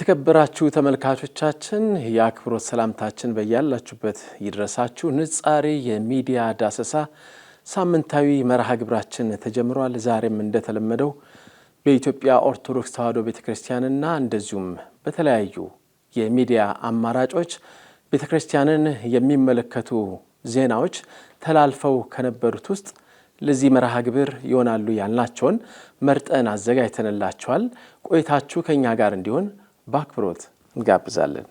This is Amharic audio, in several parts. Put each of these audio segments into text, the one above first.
የተከበራችሁ ተመልካቾቻችን የአክብሮት ሰላምታችን በያላችሁበት ይድረሳችሁ። ንጻሬ የሚዲያ ዳሰሳ ሳምንታዊ መርሃ ግብራችን ተጀምሯል። ዛሬም እንደተለመደው በኢትዮጵያ ኦርቶዶክስ ተዋሕዶ ቤተ ክርስቲያንና እንደዚሁም በተለያዩ የሚዲያ አማራጮች ቤተ ክርስቲያንን የሚመለከቱ ዜናዎች ተላልፈው ከነበሩት ውስጥ ለዚህ መርሃ ግብር ይሆናሉ ያልናቸውን መርጠን አዘጋጅተንላቸዋል። ቆይታችሁ ከእኛ ጋር እንዲሆን በአክብሮት እንጋብዛለን።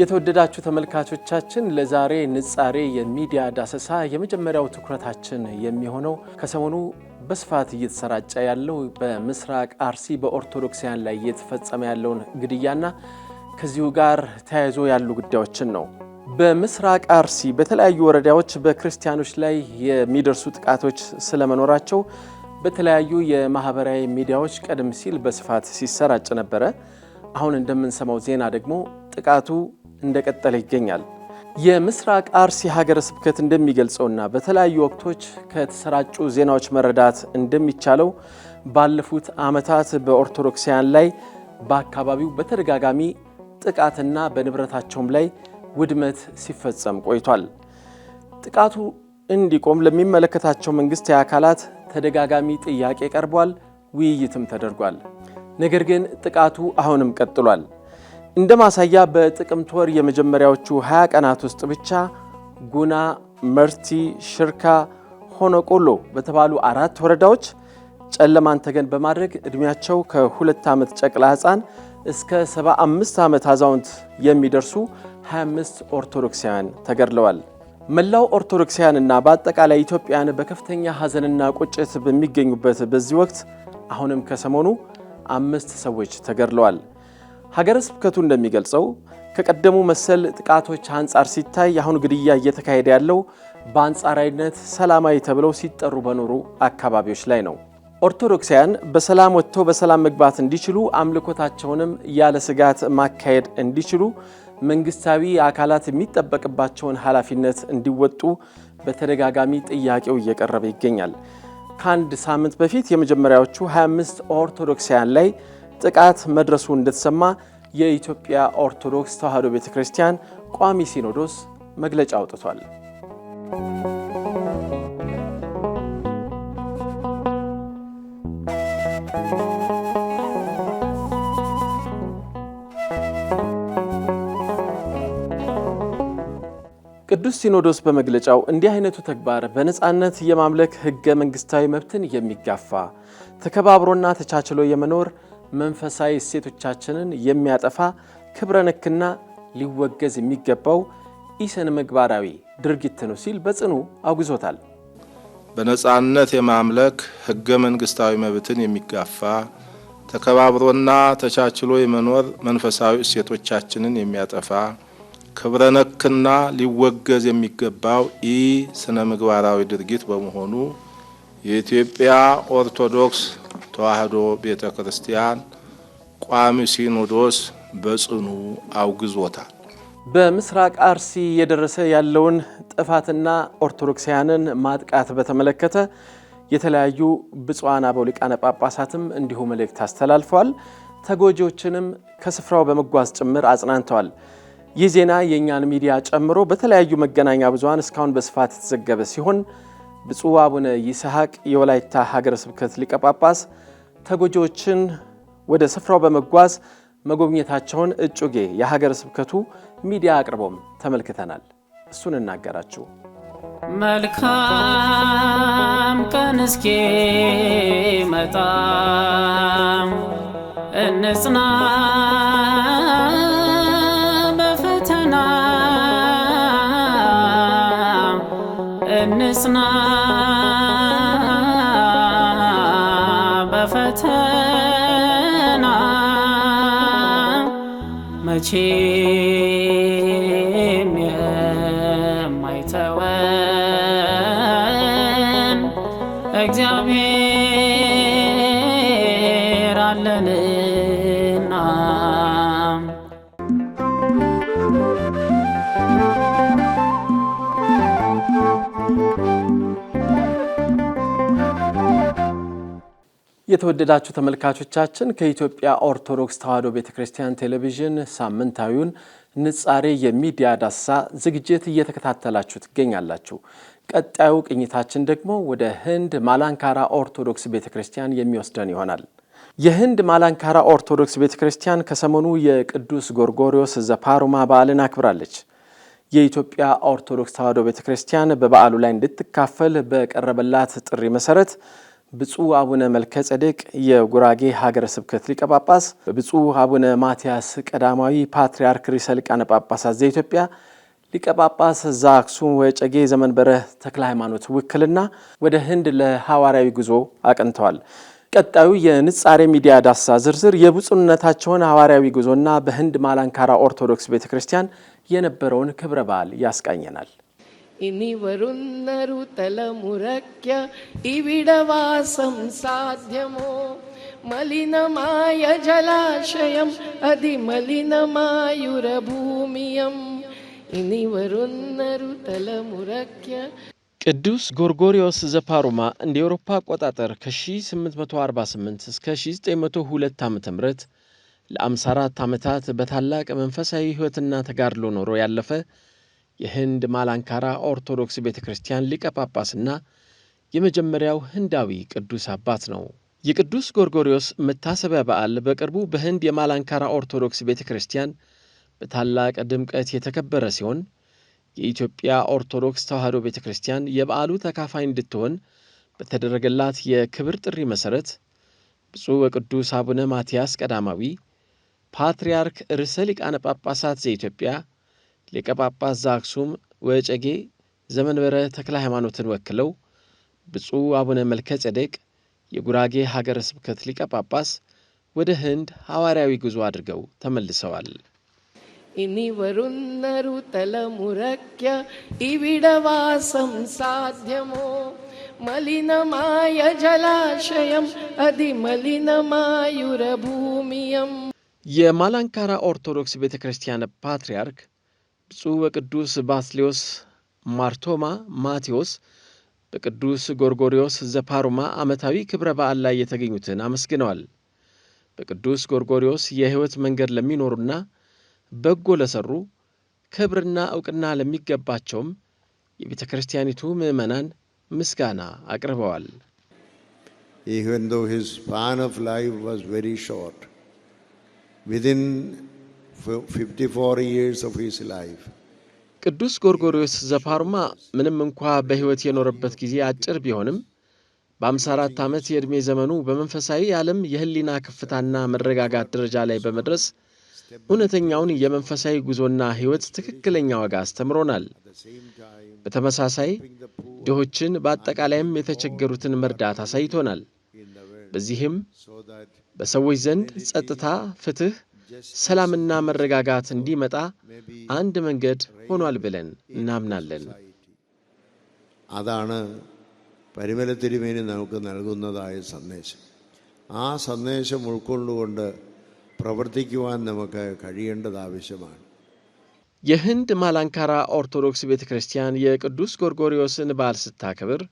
የተወደዳችሁ ተመልካቾቻችን ለዛሬ ንጻሬ የሚዲያ ዳሰሳ የመጀመሪያው ትኩረታችን የሚሆነው ከሰሞኑ በስፋት እየተሰራጨ ያለው በምስራቅ አርሲ በኦርቶዶክሳውያን ላይ እየተፈጸመ ያለውን ግድያና ከዚሁ ጋር ተያይዞ ያሉ ጉዳዮችን ነው። በምስራቅ አርሲ በተለያዩ ወረዳዎች በክርስቲያኖች ላይ የሚደርሱ ጥቃቶች ስለመኖራቸው በተለያዩ የማህበራዊ ሚዲያዎች ቀደም ሲል በስፋት ሲሰራጭ ነበረ። አሁን እንደምንሰማው ዜና ደግሞ ጥቃቱ እንደቀጠለ ይገኛል። የምስራቅ አርሲ ሀገረ ስብከት እንደሚገልጸውና በተለያዩ ወቅቶች ከተሰራጩ ዜናዎች መረዳት እንደሚቻለው ባለፉት ዓመታት በኦርቶዶክሳውያን ላይ በአካባቢው በተደጋጋሚ ጥቃትና በንብረታቸውም ላይ ውድመት ሲፈጸም ቆይቷል። ጥቃቱ እንዲቆም ለሚመለከታቸው መንግስት አካላት ተደጋጋሚ ጥያቄ ቀርቧል፣ ውይይትም ተደርጓል። ነገር ግን ጥቃቱ አሁንም ቀጥሏል። እንደ ማሳያ በጥቅምት ወር የመጀመሪያዎቹ 20 ቀናት ውስጥ ብቻ ጉና፣ መርቲ፣ ሽርካ፣ ሆነቆሎ በተባሉ አራት ወረዳዎች ጨለማን ተገን በማድረግ ዕድሜያቸው ከሁለት ዓመት ጨቅላ ሕፃን እስከ 75 ዓመት አዛውንት የሚደርሱ 25 ኦርቶዶክሳውያን ተገድለዋል። መላው ኦርቶዶክሳውያንና በአጠቃላይ ኢትዮጵያን በከፍተኛ ሐዘንና ቁጭት በሚገኙበት በዚህ ወቅት አሁንም ከሰሞኑ አምስት ሰዎች ተገድለዋል። ሀገረ ስብከቱ እንደሚገልጸው ከቀደሙ መሰል ጥቃቶች አንጻር ሲታይ አሁን ግድያ እየተካሄደ ያለው በአንጻራዊነት ሰላማዊ ተብለው ሲጠሩ በኖሩ አካባቢዎች ላይ ነው። ኦርቶዶክሳውያን በሰላም ወጥተው በሰላም መግባት እንዲችሉ፣ አምልኮታቸውንም ያለ ስጋት ማካሄድ እንዲችሉ መንግስታዊ አካላት የሚጠበቅባቸውን ኃላፊነት እንዲወጡ በተደጋጋሚ ጥያቄው እየቀረበ ይገኛል። ከአንድ ሳምንት በፊት የመጀመሪያዎቹ 25 ኦርቶዶክሳውያን ላይ ጥቃት መድረሱ እንደተሰማ የኢትዮጵያ ኦርቶዶክስ ተዋሕዶ ቤተ ክርስቲያን ቋሚ ሲኖዶስ መግለጫ አውጥቷል። ቅዱስ ሲኖዶስ በመግለጫው እንዲህ አይነቱ ተግባር በነፃነት የማምለክ ህገ መንግስታዊ መብትን የሚጋፋ ተከባብሮና ተቻችሎ የመኖር መንፈሳዊ እሴቶቻችንን የሚያጠፋ ክብረ ነክና ሊወገዝ የሚገባው ኢሰን ምግባራዊ ድርጊት ነው ሲል በጽኑ አውግዞታል። በነፃነት የማምለክ ህገ መንግስታዊ መብትን የሚጋፋ ተከባብሮና ተቻችሎ የመኖር መንፈሳዊ እሴቶቻችንን የሚያጠፋ ክብረነክና ሊወገዝ የሚገባው ኢ ስነ ምግባራዊ ድርጊት በመሆኑ የኢትዮጵያ ኦርቶዶክስ ተዋሕዶ ቤተ ክርስቲያን ቋሚ ሲኖዶስ በጽኑ አውግዞታል። በምስራቅ አርሲ እየደረሰ ያለውን ጥፋትና ኦርቶዶክሳውያንን ማጥቃት በተመለከተ የተለያዩ ብፁዓን አበው ሊቃነ ጳጳሳትም እንዲሁ መልእክት አስተላልፈዋል። ተጎጂዎችንም ከስፍራው በመጓዝ ጭምር አጽናንተዋል። ይህ ዜና የእኛን ሚዲያ ጨምሮ በተለያዩ መገናኛ ብዙሃን እስካሁን በስፋት የተዘገበ ሲሆን ብፁዕ አቡነ ይስሐቅ የወላይታ ሀገረ ስብከት ሊቀ ጳጳስ ተጎጂዎችን ወደ ስፍራው በመጓዝ መጎብኘታቸውን እጩጌ የሀገረ ስብከቱ ሚዲያ አቅርቦም ተመልክተናል። እሱን እናገራችሁ። መልካም ቀን እስኪ መጣም እንጽና እንጽና በፈተና መቼም የማይተወን እግዚአብሔር የተወደዳችሁ ተመልካቾቻችን ከኢትዮጵያ ኦርቶዶክስ ተዋሕዶ ቤተ ክርስቲያን ቴሌቪዥን ሳምንታዊውን ንጻሬ የሚዲያ ዳሰሳ ዝግጅት እየተከታተላችሁ ትገኛላችሁ። ቀጣዩ ቅኝታችን ደግሞ ወደ ህንድ ማላንካራ ኦርቶዶክስ ቤተ ክርስቲያን የሚወስደን ይሆናል። የህንድ ማላንካራ ኦርቶዶክስ ቤተ ክርስቲያን ከሰሞኑ የቅዱስ ጎርጎሪዮስ ዘፓሩማ በዓልን አክብራለች። የኢትዮጵያ ኦርቶዶክስ ተዋሕዶ ቤተ ክርስቲያን በበዓሉ ላይ እንድትካፈል በቀረበላት ጥሪ መሰረት ብፁዕ አቡነ መልከ ጼዴቅ የጉራጌ ሀገረ ስብከት ሊቀ ጳጳስ፣ ብፁዕ አቡነ ማትያስ ቀዳማዊ ፓትርያርክ ርዕሰ ሊቃነ ጳጳሳት ዘኢትዮጵያ ሊቀ ጳጳስ ዘአክሱም ወዕጨጌ ዘመንበረ ተክለ ሃይማኖት ውክልና ወደ ህንድ ለሐዋርያዊ ጉዞ አቅንተዋል። ቀጣዩ የንጻሬ ሚዲያ ዳሰሳ ዝርዝር የብፁዕነታቸውን ሐዋርያዊ ጉዞና በህንድ ማላንካራ ኦርቶዶክስ ቤተ ክርስቲያን የነበረውን ክብረ በዓል ያስቃኘናል። ഇനി വരുന്നൊരു തലമുറയ്ക്ക് ഇവിടെ വാസം സാധ്യമോ മലിനമായ ജലാശയം അതിമലിനമായുരഭൂമിയം ഇനി വരുന്നൊരു തലമുറയ്ക്ക് ቅዱስ ጎርጎሪዮስ ዘፓሩማ እንደ ኤውሮፓ አቆጣጠር ከ1848 እስከ 1902 ዓ ም ለ54 ዓመታት በታላቅ መንፈሳዊ ሕይወትና ተጋድሎ ኖሮ ያለፈ የህንድ ማላንካራ ኦርቶዶክስ ቤተ ክርስቲያን ሊቀ ጳጳስና የመጀመሪያው ህንዳዊ ቅዱስ አባት ነው። የቅዱስ ጎርጎሪዮስ መታሰቢያ በዓል በቅርቡ በህንድ የማላንካራ ኦርቶዶክስ ቤተ ክርስቲያን በታላቅ ድምቀት የተከበረ ሲሆን የኢትዮጵያ ኦርቶዶክስ ተዋሕዶ ቤተ ክርስቲያን የበዓሉ ተካፋይ እንድትሆን በተደረገላት የክብር ጥሪ መሠረት ብፁዕ ወቅዱስ አቡነ ማትያስ ቀዳማዊ ፓትርያርክ ርዕሰ ሊቃነ ጳጳሳት ዘኢትዮጵያ ሊቀ ጳጳስ ዘአክሱም ወጨጌ ዘመንበረ ተክለ ሃይማኖትን ወክለው ብፁዕ አቡነ መልከ ጼዴቅ የጉራጌ ሀገረ ስብከት ሊቀ ጳጳስ ወደ ህንድ ሐዋርያዊ ጉዞ አድርገው ተመልሰዋል። ഇനി വരുന്നൊരു തലമുറയ്ക്ക് ഇവിടവാസം സാധ്യമോ മലിനമായ ജലാശയം അതിമലിനമായുരഭൂമിയം የማላንካራ ኦርቶዶክስ ቤተ ክርስቲያን ፓትርያርክ ብፁዕ ወቅዱስ ባስሌዎስ ማርቶማ ማቴዎስ በቅዱስ ጎርጎሪዎስ ዘፓሩማ ዓመታዊ ክብረ በዓል ላይ የተገኙትን አመስግነዋል። በቅዱስ ጎርጎሪዎስ የሕይወት መንገድ ለሚኖሩና በጎ ለሠሩ ክብርና ዕውቅና ለሚገባቸውም የቤተ ክርስቲያኒቱ ምዕመናን ምስጋና አቅርበዋል። ኢቨን ዶ ሂዝ span ኦፍ life ዋዝ ቨሪ ሾርት within ቅዱስ ጎርጎርዮስ ዘፓርማ ምንም እንኳ በሕይወት የኖረበት ጊዜ አጭር ቢሆንም በ54 ዓመት የዕድሜ ዘመኑ በመንፈሳዊ ዓለም የህሊና ከፍታና መረጋጋት ደረጃ ላይ በመድረስ እውነተኛውን የመንፈሳዊ ጉዞና ሕይወት ትክክለኛ ዋጋ አስተምሮናል። በተመሳሳይ ድሆችን በአጠቃላይም የተቸገሩትን መርዳት አሳይቶናል። በዚህም በሰዎች ዘንድ ጸጥታ፣ ፍትሕ ሰላምና መረጋጋት እንዲመጣ አንድ መንገድ ሆኗል ብለን እናምናለን። അതാണ് പരിമല തിരുമേനി നമുക്ക് നൽകുന്നതായ ሰንዴሽ ആ സന്ദേശം ഉൾക്കൊണ്ടുകൊണ്ട് പ്രവർത്തിക്കുവാൻ നമുക്ക് കഴിയേണ്ടത് ആവശ്യമാണ് የህንድ ማላንካራ ኦርቶዶክስ ቤተ ክርስቲያን የቅዱስ ጎርጎሪዎስን በዓል ስታከብር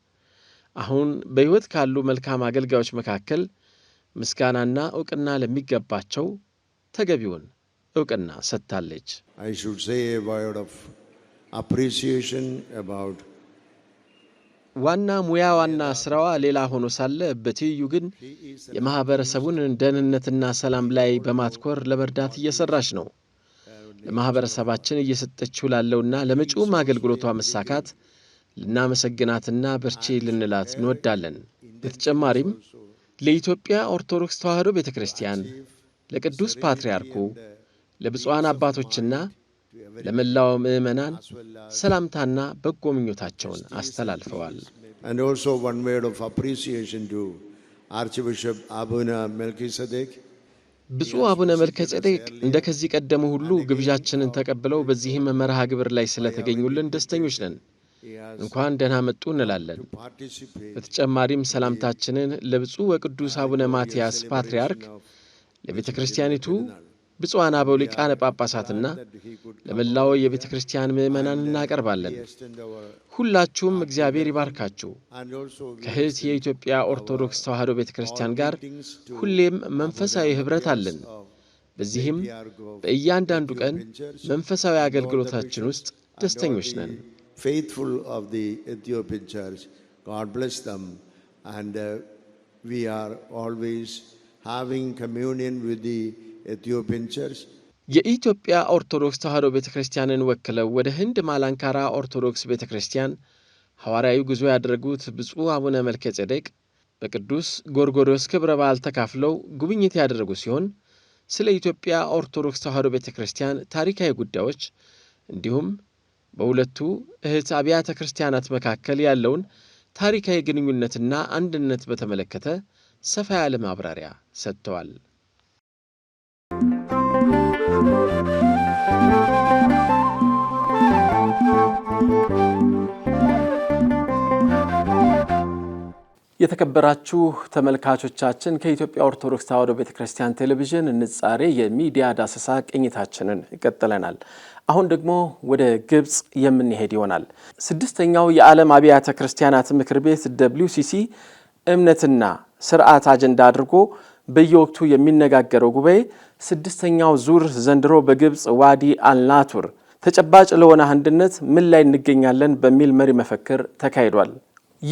አሁን በሕይወት ካሉ መልካም አገልጋዮች መካከል ምስጋናና ዕውቅና ለሚገባቸው ተገቢውን እውቅና ሰጥታለች። ዋና ሙያ ዋና ስራዋ ሌላ ሆኖ ሳለ በትይዩ ግን የማኅበረሰቡን ደህንነትና ሰላም ላይ በማትኮር ለመርዳት እየሠራች ነው። ለማኅበረሰባችን እየሰጠችው ላለውና ለመጪውም አገልግሎቷ መሳካት ልናመሰግናትና በርቼ ልንላት እንወዳለን። በተጨማሪም ለኢትዮጵያ ኦርቶዶክስ ተዋሕዶ ቤተ ክርስቲያን ለቅዱስ ፓትርያርኩ ለብፁዓን አባቶችና ለመላው ምዕመናን ሰላምታና በጎ ምኞታቸውን አስተላልፈዋል። And ብፁዕ አቡነ መልከ ጼዴቅ እንደ ከዚህ ቀደሙ ሁሉ ግብዣችንን ተቀብለው በዚህም መርሃ ግብር ላይ ስለተገኙልን ደስተኞች ነን። እንኳን ደህና መጡ እንላለን። በተጨማሪም ሰላምታችንን ለብፁዕ ወቅዱስ አቡነ ማትያስ ፓትርያርክ ለቤተ ክርስቲያኒቱ ብፁዓን አበው ሊቃነ ጳጳሳትና ለመላው የቤተ ክርስቲያን ምእመናን እናቀርባለን። ሁላችሁም እግዚአብሔር ይባርካችሁ። ከህት የኢትዮጵያ ኦርቶዶክስ ተዋሕዶ ቤተ ክርስቲያን ጋር ሁሌም መንፈሳዊ ኅብረት አለን። በዚህም በእያንዳንዱ ቀን መንፈሳዊ አገልግሎታችን ውስጥ ደስተኞች ነን። having communion with the Ethiopian church. የኢትዮጵያ ኦርቶዶክስ ተዋሕዶ ቤተ ክርስቲያንን ወክለው ወደ ህንድ ማላንካራ ኦርቶዶክስ ቤተ ክርስቲያን ሐዋርያዊ ጉዞ ያደረጉት ብፁዕ አቡነ መልከ ጼዴቅ በቅዱስ ጎርጎዶስ ክብረ በዓል ተካፍለው ጉብኝት ያደረጉ ሲሆን ስለ ኢትዮጵያ ኦርቶዶክስ ተዋሕዶ ቤተ ክርስቲያን ታሪካዊ ጉዳዮች እንዲሁም በሁለቱ እህት አብያተ ክርስቲያናት መካከል ያለውን ታሪካዊ ግንኙነትና አንድነት በተመለከተ ሰፋ ያለ ማብራሪያ ሰጥተዋል። የተከበራችሁ ተመልካቾቻችን ከኢትዮጵያ ኦርቶዶክስ ተዋሕዶ ቤተ ክርስቲያን ቴሌቪዥን ንጻሬ የሚዲያ ዳሰሳ ቅኝታችንን ይቀጥለናል። አሁን ደግሞ ወደ ግብፅ የምንሄድ ይሆናል። ስድስተኛው የዓለም አብያተ ክርስቲያናት ምክር ቤት ደብሊው ሲሲ እምነትና ስርዓት አጀንዳ አድርጎ በየወቅቱ የሚነጋገረው ጉባኤ ስድስተኛው ዙር ዘንድሮ በግብፅ ዋዲ አልናቱር ተጨባጭ ለሆነ አንድነት ምን ላይ እንገኛለን በሚል መሪ መፈክር ተካሂዷል።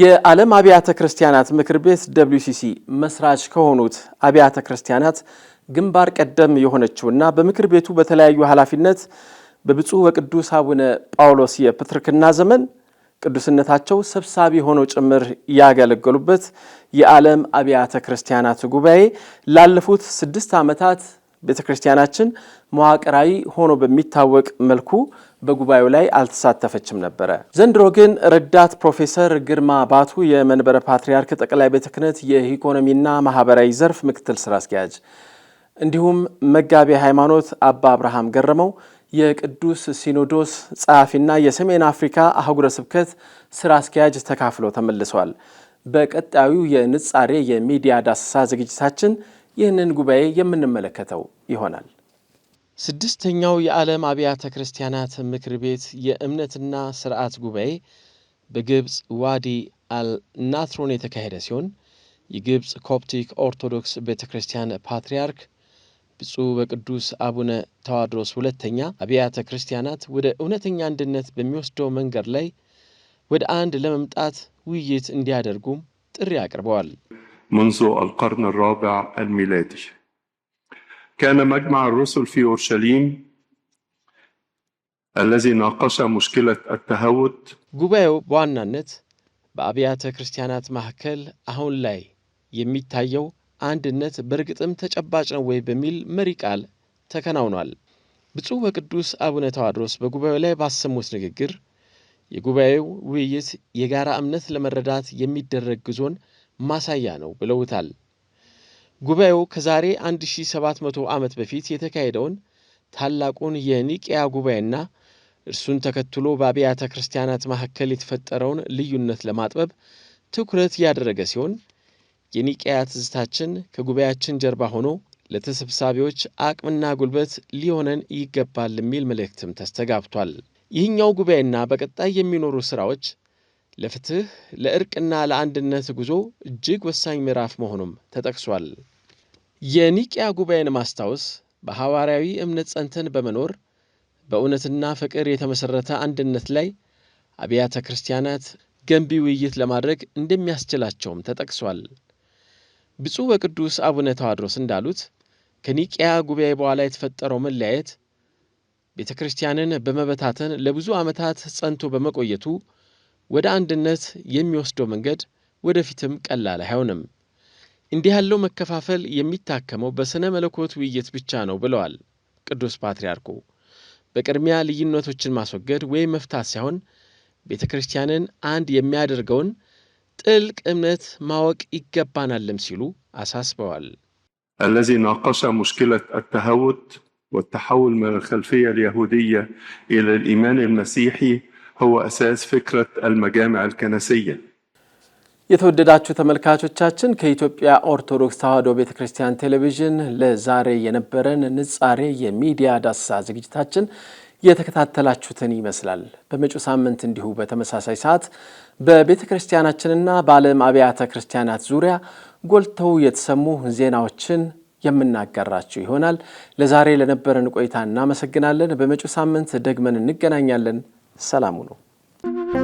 የዓለም አብያተ ክርስቲያናት ምክር ቤት ደብሊውሲሲ መስራች ከሆኑት አብያተ ክርስቲያናት ግንባር ቀደም የሆነችውና በምክር ቤቱ በተለያዩ ኃላፊነት በብፁዕ ወቅዱስ አቡነ ጳውሎስ የፕትርክና ዘመን ቅዱስነታቸው ሰብሳቢ ሆነው ጭምር ያገለገሉበት የዓለም አብያተ ክርስቲያናት ጉባኤ ላለፉት ስድስት ዓመታት ቤተ ክርስቲያናችን መዋቅራዊ ሆኖ በሚታወቅ መልኩ በጉባኤው ላይ አልተሳተፈችም ነበረ። ዘንድሮ ግን ረዳት ፕሮፌሰር ግርማ ባቱ የመንበረ ፓትርያርክ ጠቅላይ ቤተ ክህነት የኢኮኖሚና ማህበራዊ ዘርፍ ምክትል ስራ አስኪያጅ እንዲሁም መጋቤ ሃይማኖት አባ አብርሃም ገረመው የቅዱስ ሲኖዶስ ጸሐፊና የሰሜን አፍሪካ አህጉረ ስብከት ስራ አስኪያጅ ተካፍለው ተመልሰዋል። በቀጣዩ የንጻሬ የሚዲያ ዳሰሳ ዝግጅታችን ይህንን ጉባኤ የምንመለከተው ይሆናል። ስድስተኛው የዓለም አብያተ ክርስቲያናት ምክር ቤት የእምነትና ስርዓት ጉባኤ በግብፅ ዋዲ አልናትሮን የተካሄደ ሲሆን የግብፅ ኮፕቲክ ኦርቶዶክስ ቤተ ክርስቲያን ፓትርያርክ ብፁዕ በቅዱስ አቡነ ተዋድሮስ ሁለተኛ አብያተ ክርስቲያናት ወደ እውነተኛ አንድነት በሚወስደው መንገድ ላይ ወደ አንድ ለመምጣት ውይይት እንዲያደርጉም ጥሪ አቅርበዋል። منذ አልቀርን ራቢዕ الميلادي ካነ መጅማዕ الرسل ፊ ኦርሸሊም አለዚ ناقش ሙሽኪለት አተሃውት ጉባኤው በዋናነት በአብያተ ክርስቲያናት መካከል አሁን ላይ የሚታየው አንድነት በእርግጥም ተጨባጭ ነው ወይ በሚል መሪ ቃል ተከናውኗል። ብፁዕ ወቅዱስ አቡነ ተዋድሮስ በጉባኤው ላይ ባሰሙት ንግግር የጉባኤው ውይይት የጋራ እምነት ለመረዳት የሚደረግ ጉዞን ማሳያ ነው ብለውታል። ጉባኤው ከዛሬ 1700 ዓመት በፊት የተካሄደውን ታላቁን የኒቅያ ጉባኤና እርሱን ተከትሎ በአብያተ ክርስቲያናት መካከል የተፈጠረውን ልዩነት ለማጥበብ ትኩረት ያደረገ ሲሆን የኒቅያ ትዝታችን ከጉባኤያችን ጀርባ ሆኖ ለተሰብሳቢዎች አቅምና ጉልበት ሊሆነን ይገባል የሚል መልእክትም ተስተጋብቷል። ይህኛው ጉባኤና በቀጣይ የሚኖሩ ሥራዎች ለፍትህ፣ ለእርቅና ለአንድነት ጉዞ እጅግ ወሳኝ ምዕራፍ መሆኑም ተጠቅሷል። የኒቅያ ጉባኤን ማስታወስ በሐዋርያዊ እምነት ጸንተን በመኖር በእውነትና ፍቅር የተመሠረተ አንድነት ላይ አብያተ ክርስቲያናት ገንቢ ውይይት ለማድረግ እንደሚያስችላቸውም ተጠቅሷል። ብፁዕ ወቅዱስ አቡነ ተዋድሮስ እንዳሉት ከኒቅያ ጉባኤ በኋላ የተፈጠረው መለያየት ቤተ ክርስቲያንን በመበታተን ለብዙ ዓመታት ጸንቶ በመቆየቱ ወደ አንድነት የሚወስደው መንገድ ወደፊትም ቀላል አይሆንም። እንዲህ ያለው መከፋፈል የሚታከመው በሥነ መለኮት ውይይት ብቻ ነው ብለዋል ቅዱስ ፓትርያርኩ። በቅድሚያ ልዩነቶችን ማስወገድ ወይም መፍታት ሳይሆን ቤተ ክርስቲያንን አንድ የሚያደርገውን ጥልቅ እምነት ማወቅ ይገባናልም ሲሉ አሳስበዋል። አለዚ ናቀሰ ሙሽኪለት አተሃውት ወተሐውል من الخلفية اليهودية إلى الإيمان المسيحي هو أساس فكرة المجامع الكنسية የተወደዳችሁ ተመልካቾቻችን ከኢትዮጵያ ኦርቶዶክስ ተዋሕዶ ቤተ ክርስቲያን ቴሌቪዥን ለዛሬ የነበረን ንጻሬ የሚዲያ ዳሰሳ ዝግጅታችን የተከታተላችሁትን ይመስላል። በመጪው ሳምንት እንዲሁ በተመሳሳይ ሰዓት በቤተ ክርስቲያናችንና በዓለም አብያተ ክርስቲያናት ዙሪያ ጎልተው የተሰሙ ዜናዎችን የምናጋራችሁ ይሆናል። ለዛሬ ለነበረን ቆይታ እናመሰግናለን። በመጪው ሳምንት ደግመን እንገናኛለን። ሰላሙ ነው።